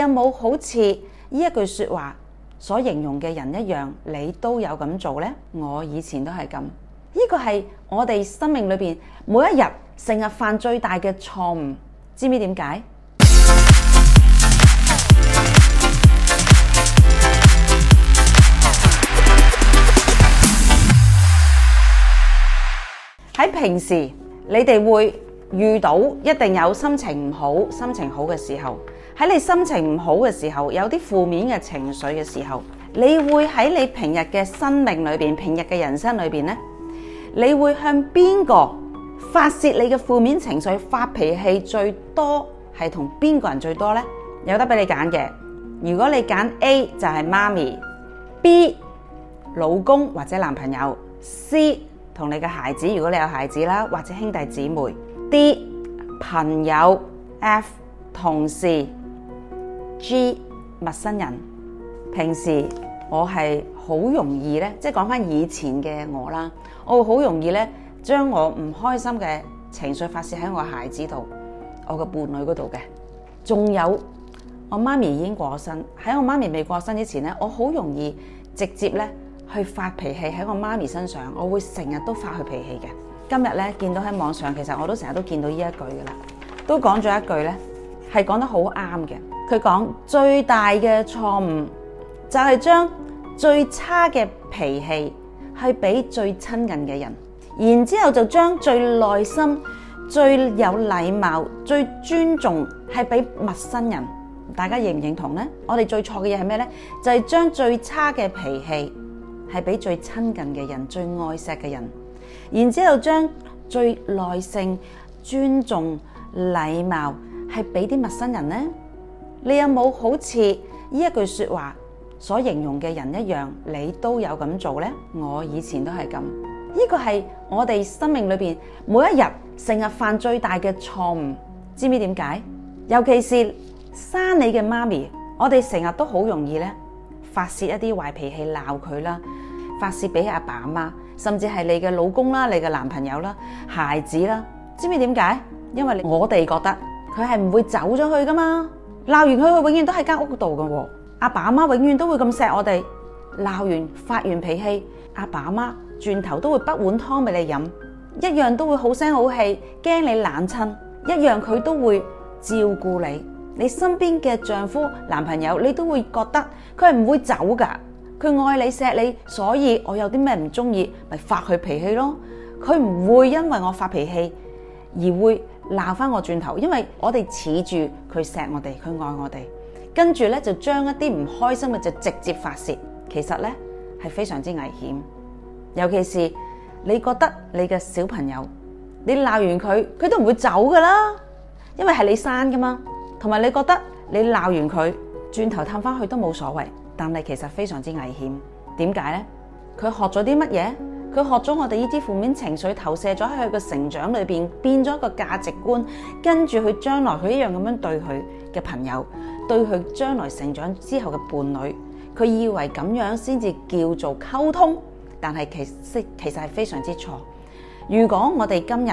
有冇好似呢一句說話所形容嘅人一樣，你都有咁做呢？我以前都係咁，呢、這個係我哋生命裏邊每一日成日犯最大嘅錯誤。知唔知點解？喺平時，你哋會。遇到一定有心情唔好、心情好嘅時候，喺你心情唔好嘅時候，有啲負面嘅情緒嘅時候，你會喺你平日嘅生命裏邊、平日嘅人生裏邊呢，你會向邊個發泄你嘅負面情緒、發脾氣最多係同邊個人最多呢？有得俾你揀嘅，如果你揀 A 就係媽咪、B 老公或者男朋友、C 同你嘅孩子，如果你有孩子啦，或者兄弟姊妹。D 朋友、F 同事、G 陌生人，平時我係好容易咧，即係講翻以前嘅我啦，我會好容易咧，將我唔開心嘅情緒發洩喺我孩子度、我嘅伴侶嗰度嘅。仲有我媽咪已經過身，喺我媽咪未過身之前呢，我好容易直接呢去發脾氣喺我媽咪身上，我會成日都發佢脾氣嘅。今日咧，見到喺網上，其實我都成日都見到呢一句噶啦，都講咗一句咧，係講得好啱嘅。佢講，最大嘅錯誤就係將最差嘅脾氣係俾最親近嘅人，然之後就將最耐心、最有禮貌、最尊重係俾陌生人。大家認唔認同咧？我哋最錯嘅嘢係咩咧？就係將最差嘅脾氣係俾最親近嘅人、最愛錫嘅人。然之後將最耐性、尊重、禮貌係俾啲陌生人呢？你有冇好似呢一句說話所形容嘅人一樣，你都有咁做呢？我以前都係咁，呢、這個係我哋生命裏邊每一日成日犯最大嘅錯誤，知唔知點解？尤其是生你嘅媽咪，我哋成日都好容易咧發洩一啲壞脾氣鬧佢啦，發洩俾阿爸阿媽、媽。甚至係你嘅老公啦、你嘅男朋友啦、孩子啦，知唔知點解？因為我哋覺得佢係唔會走咗去噶嘛，鬧完佢佢永遠都喺間屋度噶。阿爸阿媽永遠都會咁錫我哋，鬧完發完脾氣，阿爸阿媽轉頭都會舀碗湯俾你飲，一樣都會好聲好氣，驚你冷親，一樣佢都會照顧你。你身邊嘅丈夫、男朋友，你都會覺得佢係唔會走噶。佢愛你錫你，所以我有啲咩唔中意，咪發佢脾氣咯。佢唔會因為我發脾氣而會鬧返我轉頭，因為我哋恃住佢錫我哋，佢愛我哋，跟住咧就將一啲唔開心嘅就直接發泄。其實咧，係非常之危險，尤其是你覺得你嘅小朋友，你鬧完佢，佢都唔會走㗎啦，因為係你生㗎嘛。同埋你覺得你鬧完佢，轉頭探返去都冇所謂。但係其實非常之危險，點解呢？佢學咗啲乜嘢？佢學咗我哋呢啲負面情緒投射咗喺佢嘅成長裏邊，變咗一個價值觀，跟住佢將來佢一樣咁樣對佢嘅朋友，對佢將來成長之後嘅伴侶，佢以為咁樣先至叫做溝通，但係其實其實係非常之錯。如果我哋今日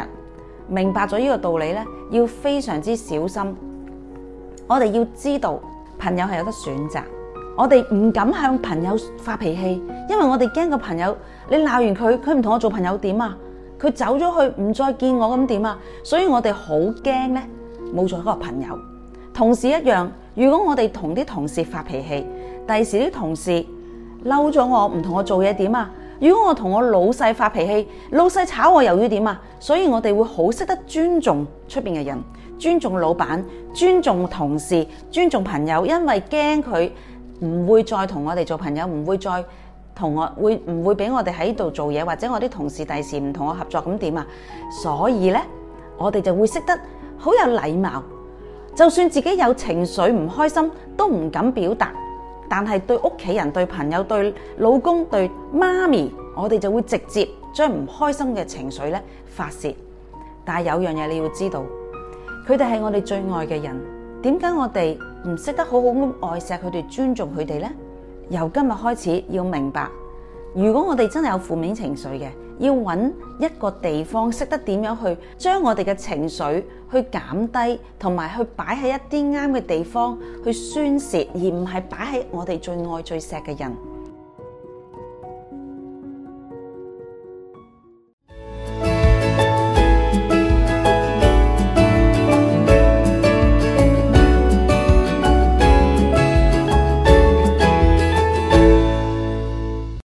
明白咗呢個道理呢，要非常之小心。我哋要知道朋友係有得選擇。我哋唔敢向朋友發脾氣，因為我哋驚個朋友你鬧完佢，佢唔同我做朋友點啊？佢走咗去唔再見我咁點啊？所以我哋好驚呢，冇咗個朋友。同時一樣，如果我哋同啲同事發脾氣，第時啲同事嬲咗我唔同我做嘢點啊？如果我同我老細發脾氣，老細炒我魷魚點啊？所以我哋會好識得尊重出邊嘅人，尊重老闆，尊重同事，尊重朋友，因為驚佢。唔會再同我哋做朋友，唔會再同我會唔會俾我哋喺度做嘢，或者我啲同事第時唔同我合作咁點啊？所以呢，我哋就會識得好有禮貌，就算自己有情緒唔開心都唔敢表達，但係對屋企人，對朋友、對老公、對媽咪，我哋就會直接將唔開心嘅情緒呢發洩。但係有樣嘢你要知道，佢哋係我哋最愛嘅人，點解我哋？唔識得好好咁愛錫佢哋，尊重佢哋呢？由今日開始，要明白，如果我哋真係有負面情緒嘅，要揾一個地方識得點樣去將我哋嘅情緒去減低，同埋去擺喺一啲啱嘅地方去宣洩，而唔係擺喺我哋最愛最錫嘅人。